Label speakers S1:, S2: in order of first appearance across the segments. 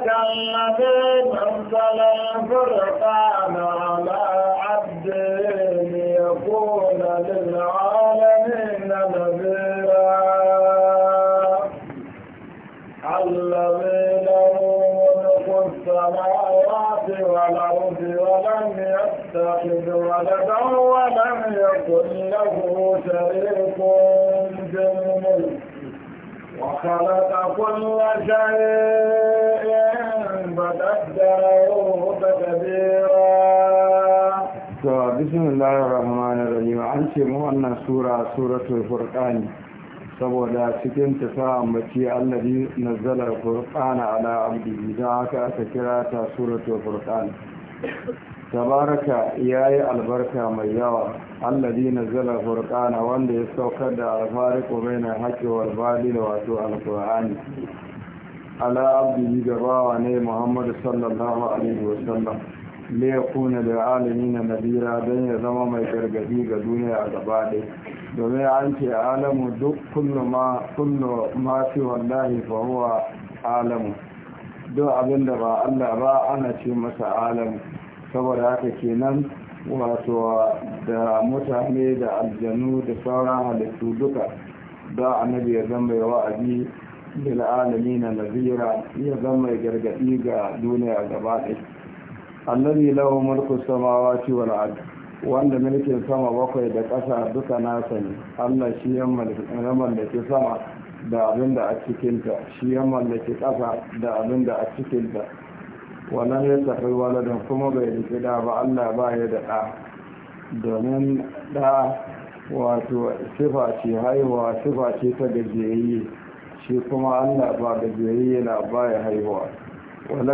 S1: تبارك أنزل الفرقان على عبده ليكون للعالمين نذيرا الذي له ملك السماوات والارض ولم يتخذ ولدا ولم يكن له شريك في الملك وخلق كل شيء أكثرهم تكبيرا
S2: بسم الله an ce mu wannan sura suratul furqani saboda cikin ta sa ambaci allazi nazzala furqana ala abdihi da haka aka kira ta suratul furqani tabaraka yayi albarka mai yawa allazi nazzala furqana wanda ya saukar da alfariqu bainal haqqi wal batil wato alqur'ani ala abdihi gabawa ne muhammad sallallahu alaihi wasallam ne ya kuna da alami na nadira don ya zama mai gargadi ga duniya a gaba ɗai domin an ce alamu duk kullum ma fi wallahi fahuwa alamu duk abin da ba allah ba ana ce masa alamu saboda haka kenan wato da mutane da aljanu da sauran halittu duka da annabi ya zama yawa للعالمين ga duniya gaba دنيا Annabi الذي mulku ملك السماوات والارض wanda mulkin sama bakwai da ƙasa duka nasa ne allah shi ya mallaki sama da abin da a cikinta shi ya mallaki ƙasa da abin da a cikinta wannan ya tafi waladin kuma bai yi da ba allah ba ya da ɗa domin ɗa wato sifa ce haihuwa sifa ce ta gajiyayye. shi kuma Allah ba da jiri yana baya haihuwa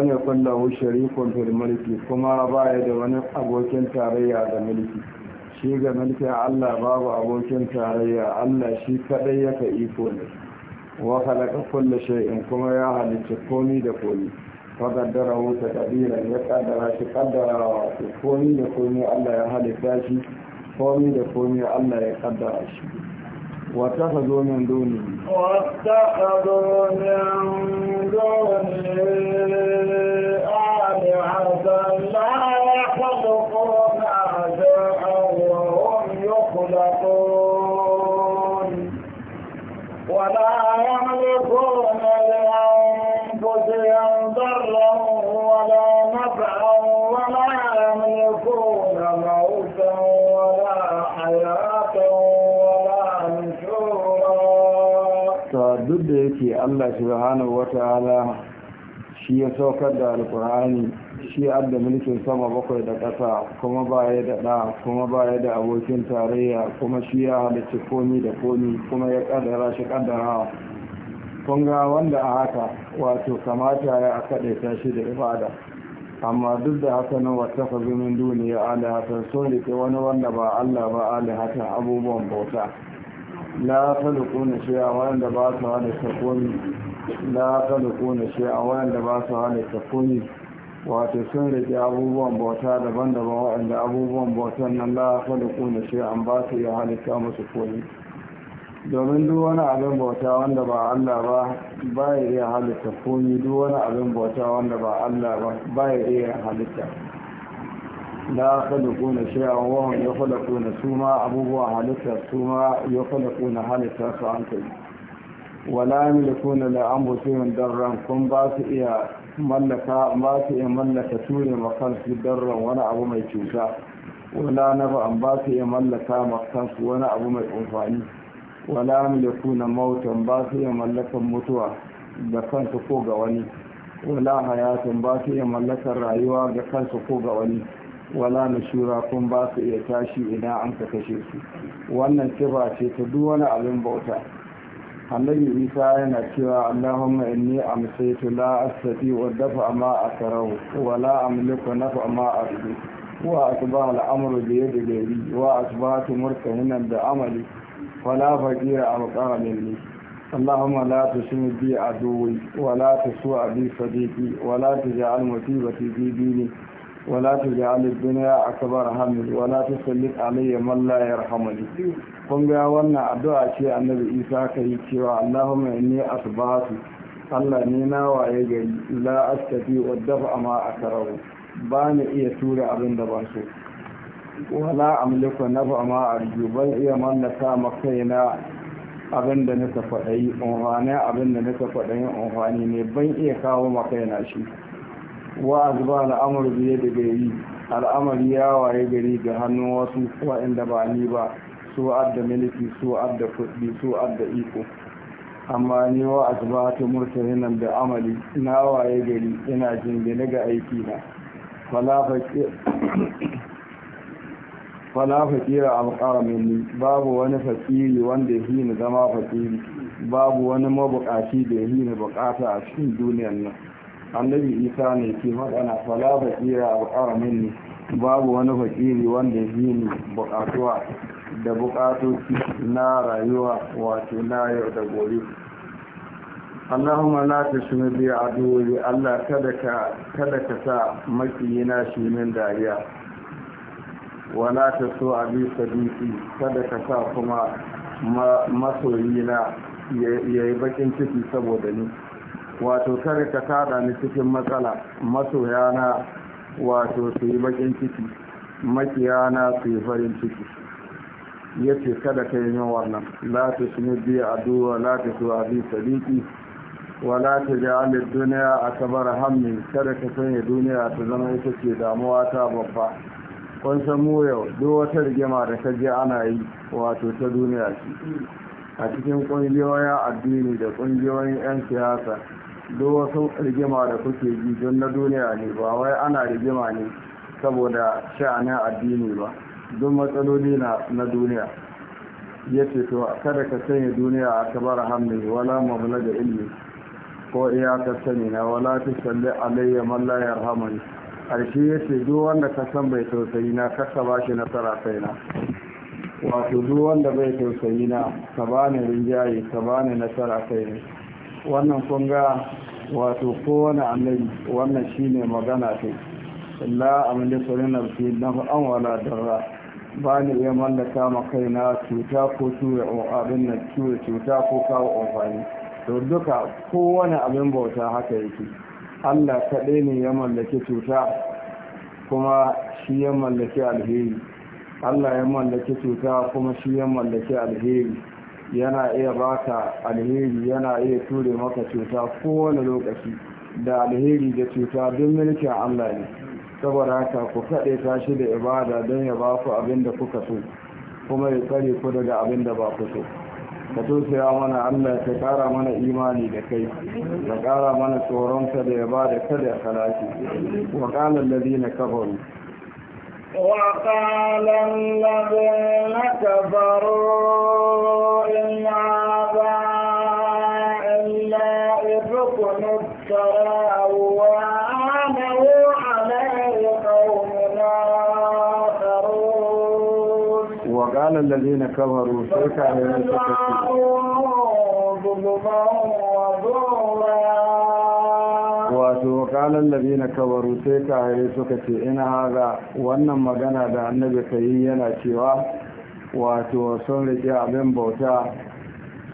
S2: ya kunna lahu sharikun fil mulki kuma baya da wani abokin tarayya da mulki shi ga mulki Allah babu abokin tarayya Allah shi kadai yaka iko ne wa khalaqa kulli shay'in kuma ya halitta komai da komai hu taqdiran ya qaddara shi qaddara komai da komai Allah ya halitta shi komai da komai Allah ya qaddara shi واتخذوا من دونه
S1: واتخذوا من دونه آلهة لا يخلقون شيئا وهم يخلقون ولا
S2: da yake Allah subhanahu wata'ala shi ya saukar da alkur'ani shi adda mulkin sama bakwai da ƙasa kuma baya da ɗa kuma baya da abokin tarayya kuma shi ya halarci komi da komi kuma ya ƙaddara shi ƙaddarawa kun ga wanda a haka wato kamata ya a kaɗaita shi da ibada amma duk da haka nan wata fazimin duniya so sun rike wani wanda ba Allah ba alihatan abubuwan bauta la khaliquna shay'a wanda ba su halitta komai la khaliquna shay'a wanda ba su halitta komai wato sun rike abubuwan bauta daban-daban waɗanda abubuwan bautan nan la khaliquna an ba su iya halitta musu komai domin duk wani abin bauta wanda ba Allah ba ba ya iya halitta komi duk wani abin bauta wanda ba Allah ba ba ya iya halitta la khalquna shay'an wa hum yakhluquna suma abubuwa halitta suma yakhluquna halitta su an kai wala yamlikuna la anfusihim darran kun ba su iya mallaka ba su iya mallaka ture kansu darran wani abu mai cuta wala nafa'an ba su iya mallaka kansu wani abu mai amfani wala yamlikuna mautan ba su iya mallakan mutuwa da kansu ko ga wani wala hayatun ba su iya mallakar rayuwa ga kansu ko ga wani wala shura kun ba su iya tashi idan an ka kashe su wannan kiba ce ta duk wani abin bauta annabi isa yana cewa allahumma inni amsaytu la astati wa dafa ma akrahu wa la amliku nafa ma arju wa asbaha al-amru bi yadi ghairi wa asbahtu murtahinan bi amali fala faqira allahumma la tusmi bi adu wa la tusu bi sadiqi wa la تجعل مصيبتي bi dini ولا تجعل الدنيا أكبر همي ولا تسلط علي من لا يرحمني kun ga wannan addu'a ce annabi isa ka yi cewa allahumma inni asbahatu allah ne na waye gari la astafi wa dafa ma akarahu ba ni iya tura abin da ban so wala amliku nafa ma arju ban iya mallaka ma kaina abin da nika faɗayi unhane abin da nika faɗayi unhane ne ban iya kawo ma kaina shi wa azba al'amur biye da gari al'amari ya waye gari ga hannu wasu inda ba ni ba su adda miliki su adda kuɗi su adda iko amma ni wa azba ta nan da amali na waye gari ina jingine ga aiki na fala fakira alƙara minni babu wani fakiri wanda ya hini zama fakiri babu wani mabukaci da ya hini bukata a cikin duniyar nan annabi isa ne ke magana fala bakira a bukara mini babu wani fakiri wanda ya ni bukatuwa da bukatoci na rayuwa wato na yau da gobe Allahumma la tashmi bi aduwi Allah kada ka kada ka sa na shi min dariya wala ta so abi sadiki kada ka sa kuma masoyina ya yi bakin ciki saboda ni wato kare ka tada ni cikin matsala na, wato su yi bakin ciki na su yi farin ciki ya ce kada ka yi min wannan lati su shi biya addu'a ta su abi sadiki wa lati ta alif duniya sabar hammi kada ka sanya duniya ta zama ita ce damuwa ta babba kun san mu yau duk wata rigima da ka je ana yi wato ta duniya ce a cikin ƙungiyoyin addini da ƙungiyoyin 'yan siyasa duk wasu rigima da kuke ji don na duniya ne ba wai ana rigima ne saboda sha'anin addini ba don matsaloli na duniya ya ce to kada ka sanya duniya a tabar hannun wala mamla da ilmi ko iya ka sani na wala ta salli alayya man la yarhamani ya ce duk wanda ka san bai tausayi na kasa ba shi nasara na. wato duk wanda bai tausayi na ka bani rinjaye ka bani nasara ne. wannan kun ga wato kowane annabi wannan shine magana ta la amliku li nafsi an wala darra ba ni iya mallaka ma kaina cuta ko tura abin nan tura cuta ko kawo amfani to duka kowane abin bauta haka yake Allah kaɗai ne ya mallaki cuta kuma shi ya mallaki alheri Allah ya mallaki cuta kuma shi ya mallaki alheri yana iya baka alheri yana iya ture maka cuta kowane lokaci da alheri da cuta don mulkin Allah ne saboda haka ku kaɗe tashi da ibada don ya ba ku abin da kuka so kuma ya tsare ku daga abin da ba ku so ka tosaya mana Allah ka kara mana imani da kai ka kara mana tsoron tsoronka da ya ba da kada ka lafi wa qala alladhina kafaru
S1: وقال الذين كفروا إن هذا إلا إفق افتراه وآمنوا عليه قوم آخرون
S2: وقال الذين كفروا سيكا لنا سكتوا
S1: ظلما وظلما
S2: wato kalan na kabaru sai kahire suka ce ina haza wannan magana da annabi ka yi yana cewa wato sun rike abin bauta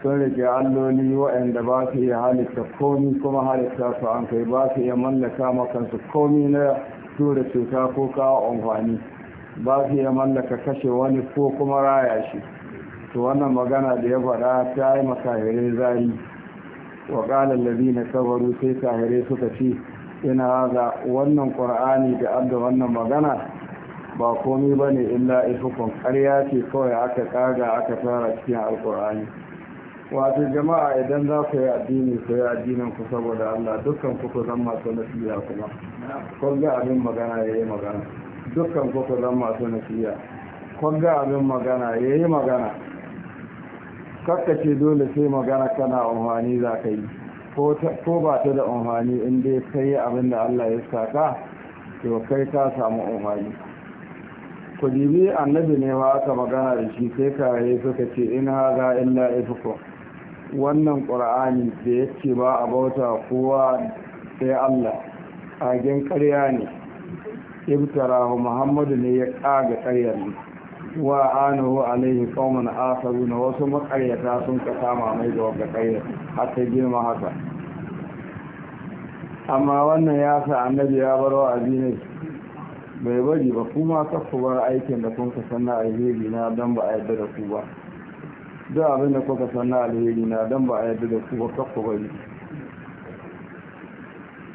S2: sun rike alloli waɗanda ba su iya halitta komi kuma halitta su an kai ba su iya mallaka makansu komi na tura cuta ko kawo amfani ba su iya mallaka kashe wani ko kuma raya shi to wannan magana da ya faɗa ta yi makahirai zari wa ƙalar na kabaru sai Sahire suka ce ina ga wannan ƙur'ani da abda wannan magana ba komi ba ne illa ifukun ƙarya ce kawai aka ƙaga aka tara cikin alƙur'ani wato jama'a idan za ku yi addini ku yi addinin ku saboda allah dukkan ku zan masu nasiya kuma kun ga abin magana ya magana dukkan ku zan masu nasiya kun ga abin magana ya yi magana ce dole sai magana kana amfani za ka yi ko ba ta da amfani in dai ka yi abin da Allah ya saka to kai ka samu amfani ku jibi annabi ne ma aka magana da shi sai ka yi suka ce in ga illa ifuku wannan qur'ani da yake ba a bauta kowa sai Allah agen ƙarya ne ibtarahu muhammadu ne ya ƙaga ƙaryar ne wa anahu alaihi qauman akharuna wasu makaryata sun ka kama mai da wata kayyar har ta girma haka amma wannan ya sa annabi ya bar wa bai bari ba kuma ka bar aikin da kun ka sanna alheri na dan ba a yadda da ku ba duk abin da kuka sanna alheri na dan ba a yarda da ku ba ka bari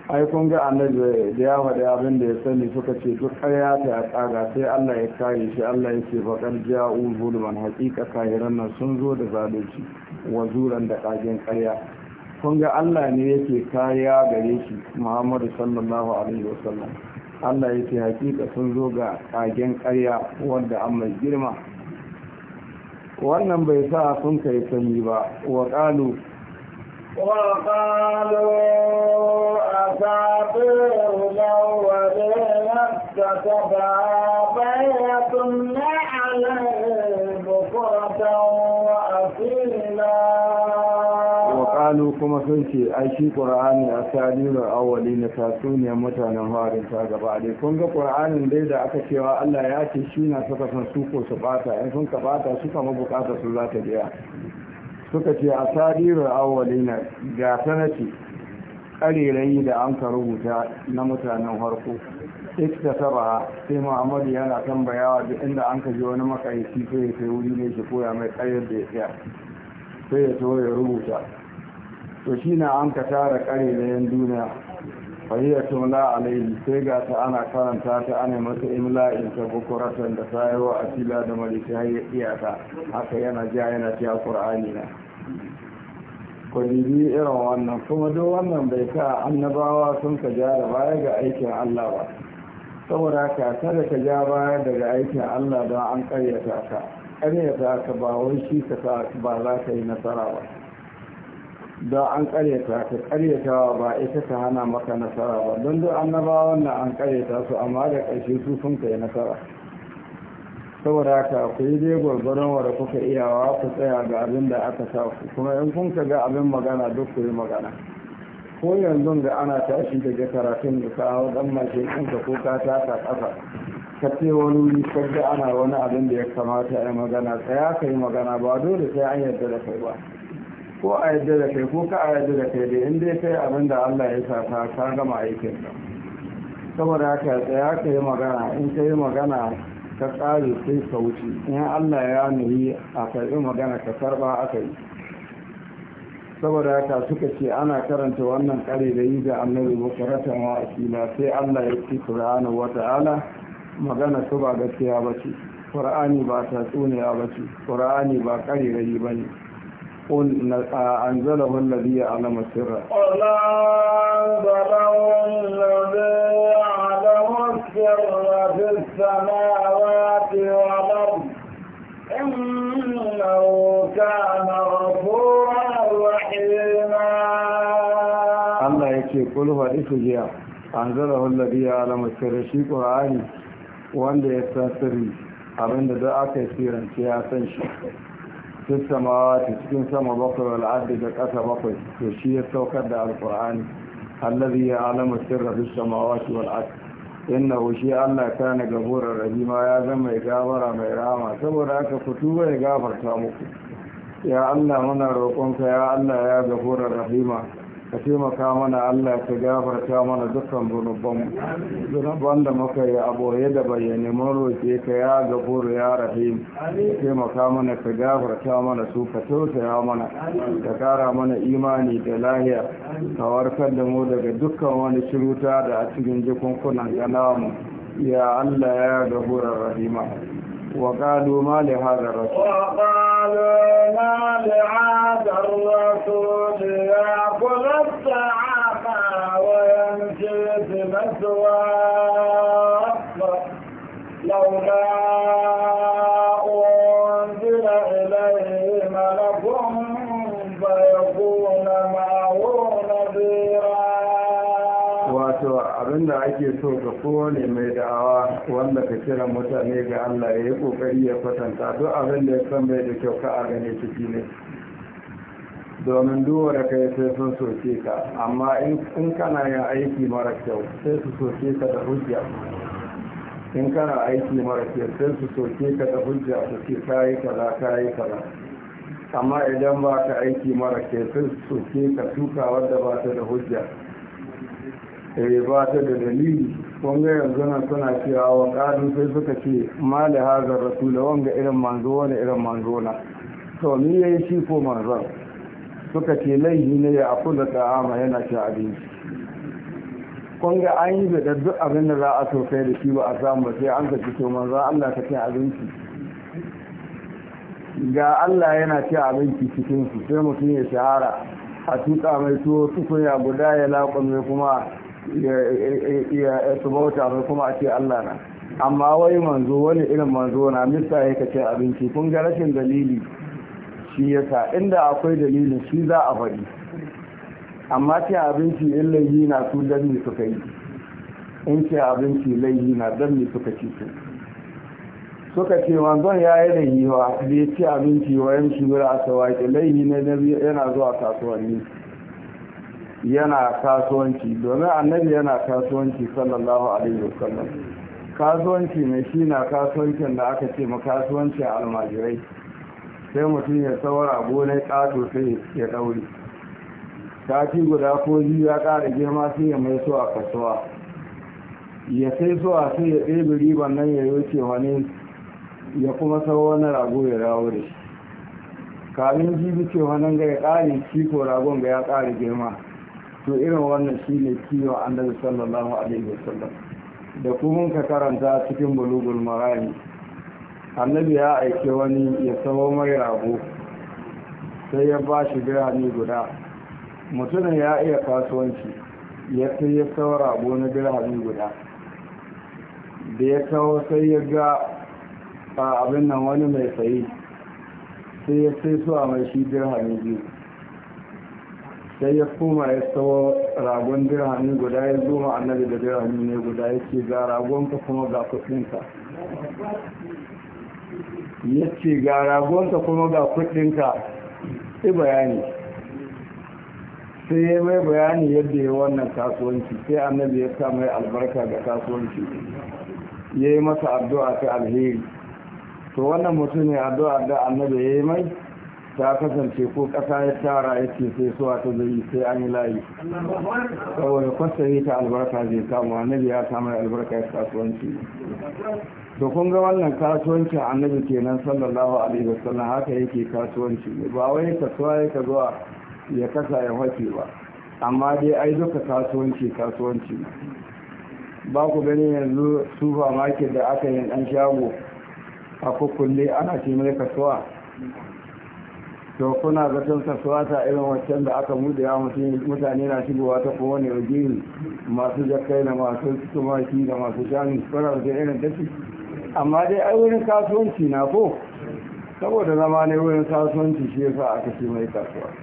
S2: ai kun ga annabi da ya faɗi abin da ya sani suka ce duk ƙarya ta ya tsaga sai Allah ya kare shi Allah ya ce faƙar ja'u zulman haƙiƙa kahiran nan sun zo da zalunci wa zuran da ƙagen ƙarya kun ga Allah ne yake kariya gare shi Muhammadu sallallahu alaihi wasallam Allah ya ce haƙiƙa sun zo ga ƙagen ƙarya wanda an mai girma wannan bai sa sun kai sanyi ba wa
S1: وقالوا
S2: kuma sun ce ai shi qur'ani a tarirar awali na tasuniyar mutanen harin ta gaba dai kun ga qur'anin dai da aka cewa Allah ya ce shi na saka san su ko su bata in sun ka bata su kama bukatar su za ta biya suka ce a sadirar awalina ga sanati ƙarerayi da an ka rubuta na mutanen harko ita saba sai muhammadu yana tambayawa duk inda an ka ji wani makaici sai ya sai wuri ne shi koya mai ƙaryar da ya tsaya sai ya so ya rubuta to shi na an ka tara ƙarerayen duniya fahiyar tumla alaihi sai ga ta ana karanta ta ana masa imla'in ta bukuratan da sayawa a fila da maliki har ya iyaka haka yana ja yana fiya ƙur'ani na kwalibi irin wannan kuma duk wannan bai sa annabawa sun ka ja da baya ga aikin allah ba saboda ka kada ka ja baya daga aikin allah don an karyata ka ƙaryata ka ba wai shi ka ba za ka yi nasara ba Da an karyata ta karyatawa ba ita ta hana maka nasara ba don duk annabawan na an karyata su amma da ƙarshe su sun kai nasara saboda ka ku yi dai gwargwaron wa kuka iyawa ku tsaya ga abin da aka sa ku kuma in kun ka ga abin magana duk ku yi magana ko yanzu ga ana tashi daga karatun da kawo dan mace ka ko ka taka ƙasa ka ce wani wuri ka ana wani abin da ya kamata a yi magana tsaya ka yi magana ba dole sai an yarda da kai ba ko a yadda da kai ko ka a yadda da kai da inda kai abin da Allah ya sata ka gama aikin ka saboda haka tsaya ka yi magana in ka yi magana ka tsari sai ka wuce in Allah ya nuyi a karɓi magana ka karɓa aka yi saboda haka suka ce ana karanta wannan ƙare da yi da annabi bukaratan wa asila sai Allah ya ci Qur'ani wa ta'ala magana su ba gaskiya ba ce Qur'ani ba tatsuniya ba ce Qur'ani ba ƙare da yi ba ne أنزله الذي يعلم السر
S1: قل أنزله الذي يعلم السر في السماوات والأرض إنه كان غفورا رحيما الله
S2: يكي هو إفجيا أنزله الذي يعلم السر شيء قرآني وأن abinda da aka yi sirance ya san shi cikin samawa cikin sama bakwai wal'adu da ƙasa bakwai to shi ya saukar da alƙur'ani allazi ya alama sirra fi samawa shi wal'adu inna shi allah ta na gaburar rahima ya zama mai gabara mai rama saboda haka fito mai gafarta muku ya allah muna roƙonka ya allah ya gaburar rahima ka taimaka mana Allah ka gafarta mana dukkan zunubanmu zunuban da muka yi a boye da bayyane mun roƙe ka ya gafuru ya rahim ka taimaka mana ka gafarta mana su ka tausaya mana ka kara mana imani da lahiya ka warkar da mu daga dukkan wani shiruta da a cikin jikunkunan ganamu ya Allah ya gafurar rahima وقالوا ما لهذا الرسول وقالوا ما لهذا
S1: الرسول يأكل الطعام ويمشي في الأسواق لولا أنزل إليه ملك
S2: da ake so ga kowane mai da'awa wanda ka kira mutane ga Allah ya yi kokari ya kwatanta duk abin da ya san bai da kyau ka a gane ciki ne domin duwa da kai sai sun soke ka amma in kana yin aiki mara kyau sai su soke ka da hujja in kana aiki mara kyau sai su soke ka da hujja su ce kayi kaza kayi kaza amma idan ba ka aiki mara kyau sai su soke ka tuka wadda ba ta da hujja eh ba ta da dalili wanga yanzu na suna cewa wa ƙarin sai suka ce da hazar rasula wanga irin manzo wani irin manzo na to ni ya yi shi ko manzon suka ce laihi ne ya da ta'ama yana cin abinci kun an yi da duk abin da za a so kai da shi ba a samu sai an ka fito manzon Allah ta ci abinci ga Allah yana ce abinci cikin su sai mutum ya shahara a tuka mai tuwo tukunya guda ya laƙon mai kuma ya su bauta mai kuma a ce Allah na amma wai manzo wani irin manzo na mista ya kace abinci kun ga rashin dalili shi yasa inda akwai dalilin shi za a faɗi amma ce abinci in layi na su ne suka yi in ce abinci layi na ne suka ci su suka ce manzon ya yi laifi wa bai ci abinci wa yanci wura a sawaki layi na yana zuwa kasuwanni yana kasuwanci domin annabi yana kasuwanci sallallahu alaihi wasallam kasuwanci mai shi na kasuwancin da aka ce kasuwanci a almajirai sai mutum ya saura gonai ƙato sai ya ɗauri sati guda ko biyu ya ƙara girma sai ya mai so a kasuwa ya sai zuwa sai ya ɗebe riban nan ya yoce wani ya kuma sau wani rago ya dawo da shi kamin jibi ce wani ga ya ƙari ciko ragon ga ya ƙara girma to irin wannan shi ne kiwo annabi sallallahu alaihi wasallam da kuma ka karanta cikin bulugul marani annabi ya aike wani ya samo mai rago sai ya ba shi birane guda mutumin ya iya kasuwanci ya sai ya samo rago na birane guda da ya kawo sai ya ga abin nan wani mai sayi sai ya sai su a mai shi birane biyu sai ya koma ya sawo ragon dirhami guda ya zo ma annabi da birane ne guda ya ce ga ka kuma ga kudinka ya ce ga ka kuma ga kudinka sai bayani sai ya mai bayani yadda ya wannan kasuwanci sai annabi ya sa mai albarka ga kasuwanci ya yi masa addu'a ta alheri to wannan mutum ne addu'a da annabi ya yi mai ta kasance ko kasa ya tara ya ce sai suwa ta zai sai an yi layi saboda yi ta albarka zai samu annabi ya samu albarka ya kasuwanci da kun ga wannan kasuwancin annabi kenan sallallahu alaihi wasallam haka yake kasuwanci ba wai kasuwa ya ka zuwa ya kasa ya wace ba amma dai ai duka kasuwanci kasuwanci ba ku gani yanzu sufa supermarket da aka yi ɗan shago a kukkulle ana ce mai kasuwa to kuna zaton kasuwa ta irin wancan da aka muda ya mutane na shigowa ta kowane wajiri masu jakai da masu tumaki da masu shanu kuna da irin tafi amma dai ai wurin kasuwanci na ko saboda zama ne wurin kasuwanci shi yasa aka ce mai kasuwa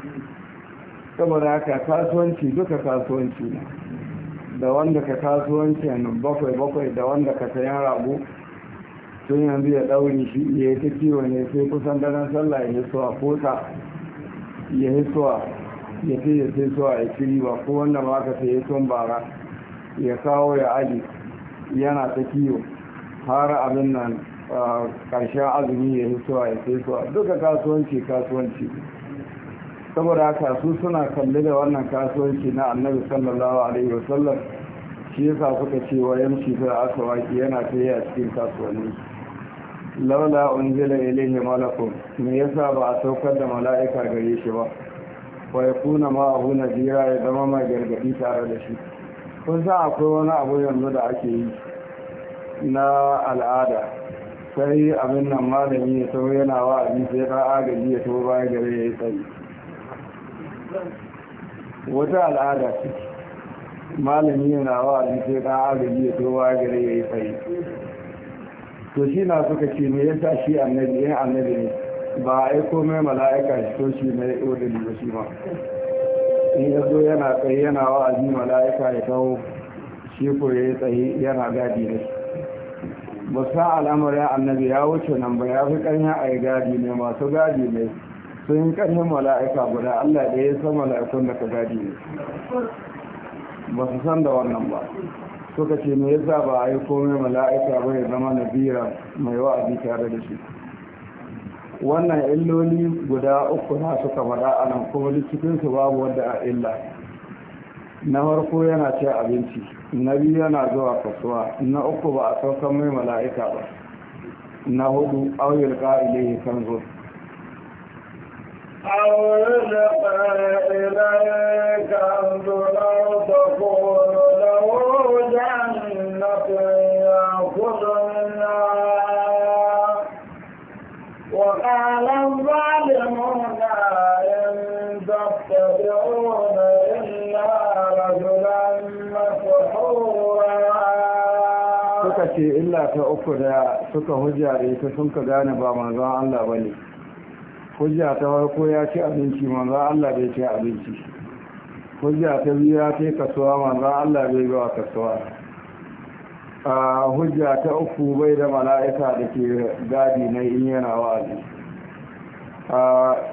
S2: saboda haka kasuwanci duka kasuwanci da wanda ka kasuwanci bakwai bakwai da wanda ka sayan rago tun yanzu ya ɗaure shi ya yi ta kiwo ne sai kusan daren sallah ya yi suwa kota ya yi suwa ya ce ya sai suwa ya ci riba ko wanda ma ka sai ya tun bara ya kawo ya aji yana ta kiwo har abin nan ƙarshen azumi ya yi suwa ya sai suwa duka kasuwanci kasuwanci saboda haka su suna kalli da wannan kasuwanci na annabi sallallahu alaihi wasallam shi yasa suka ce wa yamshi fil aswaki yana yi a cikin kasuwanni laula unzila ilaihi malakun me yasa ba a saukar da mala'ika gare shi ba wa yakuna ma abu nadira ya zama mai gargadi tare da shi kun san akwai wani abu yanzu da ake yi na al'ada sai abin nan malami ya taho yana wa abin sai ɗan agaji ya taho baya gare ya yi tsari. wata al'ada ce malami yana wa abin sai ɗan agaji ya taho baya gare ya yi tsari. to shi na suka ce me yasa shi annabi ya eh, annabi ne ba a aiko mai mala'ika shi to shi mai odin da shi ba. in ya zo yana tsaye yana wa'azi mala'ika ya kawo shi ko ya yi tsaye yana gadi da shi ba sa al'amarin annabi ya wuce nan ba ya fi ƙarfin a yi gadi ne masu gadi ne sun yi ƙarfin mala'ika guda allah da ya san mala'ikun da ka gadi ne ba su san da wannan ba suka ce me yasa ba a yi komai mala'ika ba ya zama nabira mai wa'azi tare da shi wannan illoli guda uku na suka faɗa a nan kuma likitinsu babu wanda a illa na farko yana cin abinci na biyu yana zuwa kasuwa na uku ba a saukan mai mala'ika ba na hudu auyul ka'ile kan zuwa suka ce illa ta uku da suka hujja da ita sun ka gane ba manzon Allah ba ne hujja ta farko ya ci abinci manzo Allah bai ci abinci hujja ta biyu ya kai kasuwa manzo Allah bai ba kasuwa a hujja ta uku bai da mala'ika da ke gadi na in yana wa'azi a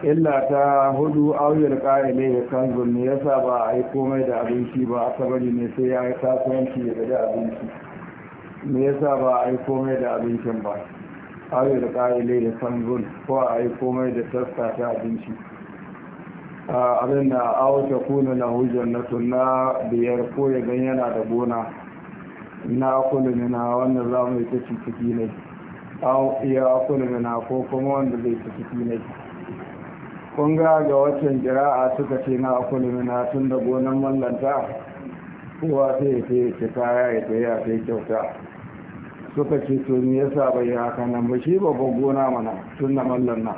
S2: illa ta hudu auyar ƙa'ile ya kan zulmi ya sa ba a yi komai da abinci ba a sabari ne sai ya yi kasuwanci ya da abinci me yasa ba a yi komai da abincin ba awi da ƙa'ile da tambul ko a yi komai da tasta ta abinci abin da auta kuna na hujjar na tunna biyar ko ya gan yana da gona na kula na wanda za mu yi ta ciki ne an iya kula ko kuma wanda zai ta ciki ne kun ga ga jira a suka ce na kula na tun da gonan mallanta kowa sai ya ce kaya ya ce ya ce kyauta suka ce to me yasa bai yi haka nan ba shi babban gona mana tun da mallan nan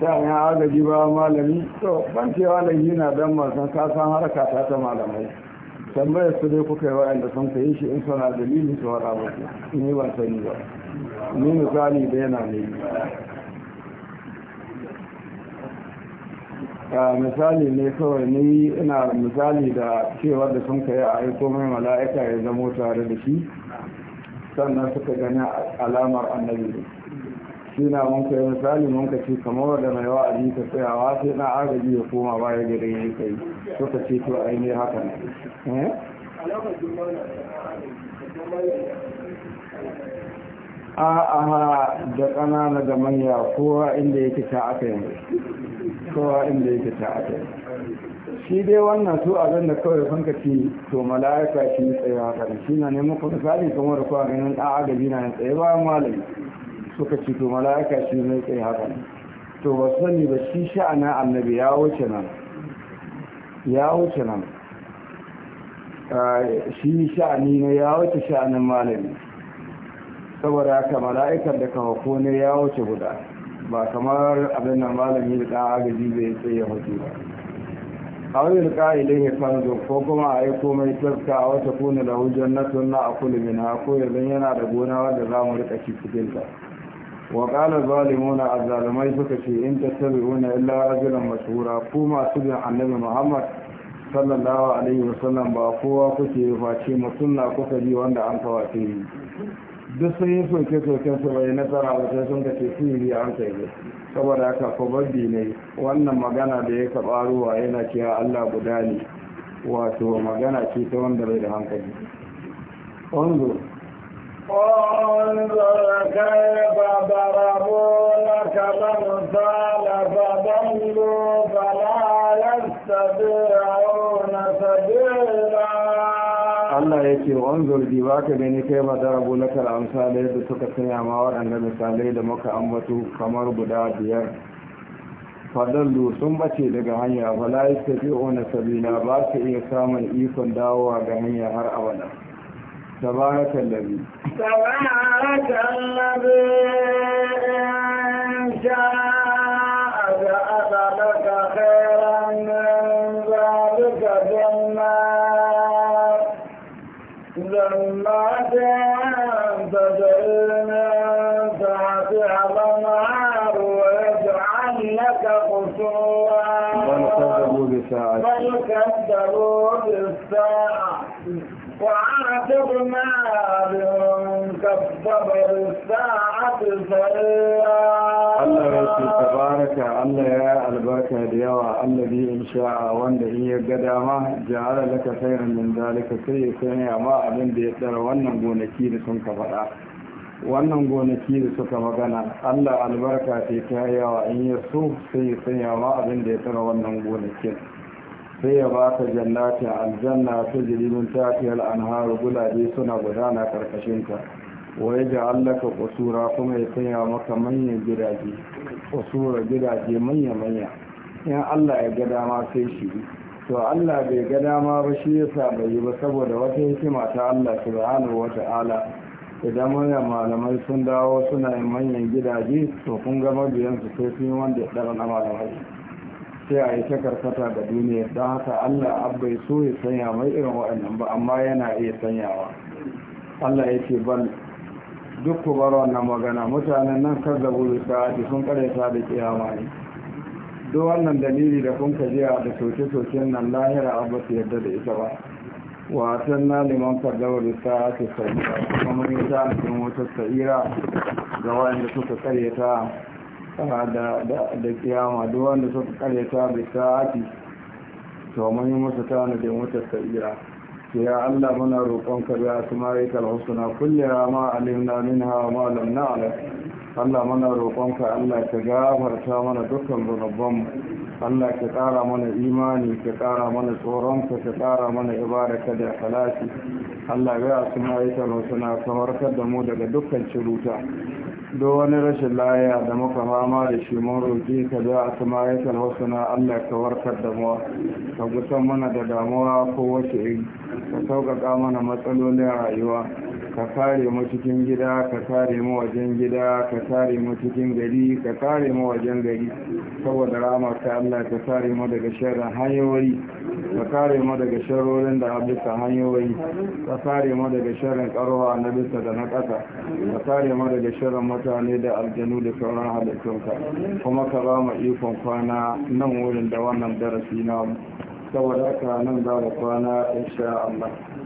S2: ta yi agaji ba malami to ban ce wa na don masu kasan harka ta ta malamai tambayar su dai kuka yi wa'anda sun ka yi shi in suna dalilin su wada ba ne ban sani ba ni misali da yana ne misali ne kawai ni ina misali da cewa da sun kai a aiko mai mala'ika ya zamo tare da shi sannan suka gani alamar annabi ne shi na mun kai misali mun ce kamar da mai wa'azi ka tsayawa sai na agaji ya koma baya gare ya kai suka ce to yi ne haka ne eh? a'a da ƙanana da manya kowa inda yake ta aka yi kowa inda yake ta aka yi shi dai wannan su abin da kawai sun ka ci to mala'ika shi ne tsaye haka shi na neman kuma misali kamar da kowa ganin ɗan agaji na tsaye bayan malami suka ci to mala'ika shi ne tsaye haka to ba sani ba shi sha'anin annabi ya wuce nan ya wuce nan shi sha'ani na ya wuce sha'anin malami saboda haka mala'ikar da kawo kone ya wuce guda ba kamar abin nan malami da ɗan agaji zai tsaye ya hutu ba a wajen ka'ilin ya kanzo ko kuma a yi komai tsarka a wata kuna da hujjar na suna a kulmina ko yanzu yana da gona wanda za mu rika ci cikin ta wa qala zalimuna suka ce in tattabi'una illa rajulan mashhura ko masu bin annabi muhammad sallallahu alaihi wasallam ba kowa kuke face masu na kuka ji wanda an kawace ni duk sun yi soke-soken su bai nasara ba sai sun kace sihiri an kai ne saboda haka fababbi ne wannan magana da ya kaɓa ruwa yana cewa allah guda ne wato magana ce ta wanda bai da hankali wanzu
S1: انظر كيف ضربوا لك الامثال فضلوا فلا na سبيلا
S2: Allah ya ce wa zurgi ba ka gani kai ba da rabu lakar amsalai da suka sanya ma waɗanda misalai da muka ambatu kamar guda biyar fadallu sun bace daga hanya ba la yi ona sabina ba su iya samun ikon dawowa ga hanya har abada تبارك الذي
S1: تبارك الذي جنات تجري من تحتها الأنهار تقصوها كذبوا بالساعة بل كذبوا وعاتبنا بهم كذب بالساعة سريعا
S2: الله يسي تبارك الله يا البركة ديوا الذي إن شاء وان هي قدامة جعل لك خيرا من ذلك سيئ سيئ أما أبن بيتر وانا بونكير سنك فرح wannan gonaki da suka magana allah albarka ce ta yawa in ya so sai ya sanya ma abin da ya tara wannan gonakin sai ya ba ka jannatin aljanna ta jirgin tafiyar anharu gulabe suna gudana karkashinka wai ga allaka kusura kuma ya sanya maka manyan gidaje kusura gidaje manya-manya in allah ya ga dama sai shi to allah bai ga dama ba shi yasa bai yi ba saboda wata hikima ta allah subhanahu wa ta'ala idan manyan malamai sun dawo suna yin manyan gidaje to kun ga mabiyansu sai sun wanda ya ɗara na malamai sai a yi ta karkata da duniya don haka allah abai so ya sanya mai irin waɗannan ba amma yana iya sanyawa allah ya ce ban duk ku bar wannan magana mutanen nan kan zabu sa'adi sun karyata da kiyama ne duk wannan dalili da kun kajiya da soke-soken nan lahira abba su yarda da ita ba wasan na neman وأتنا لمن قدر الساعة السعيرة ومن يزعل في موت السعيرة جوائن لسوك قريتا da kiyama duk wanda suka karyata bai ta sa'ati to mun yi ta tana da mutar sa'ira ke ya Allah muna roƙon ka biya su yi husna kullira ma alimna minha wa ma lam na'lam Allah muna roƙon ka Allah ka gafarta mana dukkan zunubanmu Allah ka ƙara mana imani ka ƙara mana tsoronka ka ƙara mana ibaraka da halaki Allah ya suna aikar suna kamar da mu daga dukkan ciruta don wani rashin laya da muka fama da shi mun roƙi ka da asma aikar na Allah ka warkar da ka gusan mana da damuwa ko wace iri ka sauƙaƙa mana matsalolin rayuwa ka kare mu cikin gida ka kare mu wajen gida ka kare mu cikin gari ka kare mu wajen gari saboda ramar ta Allah ka kare mu daga sharrin hanyoyi ka kare mu daga sharorin da a bisa hanyoyi ka kare mu daga sharrin karuwa na bisa da na ƙasa ka kare mu daga sharrin mutane da aljanu da sauran halittunka kuma ka ba mu ikon kwana nan wurin da wannan darasi na saboda haka nan za mu kwana insha Allah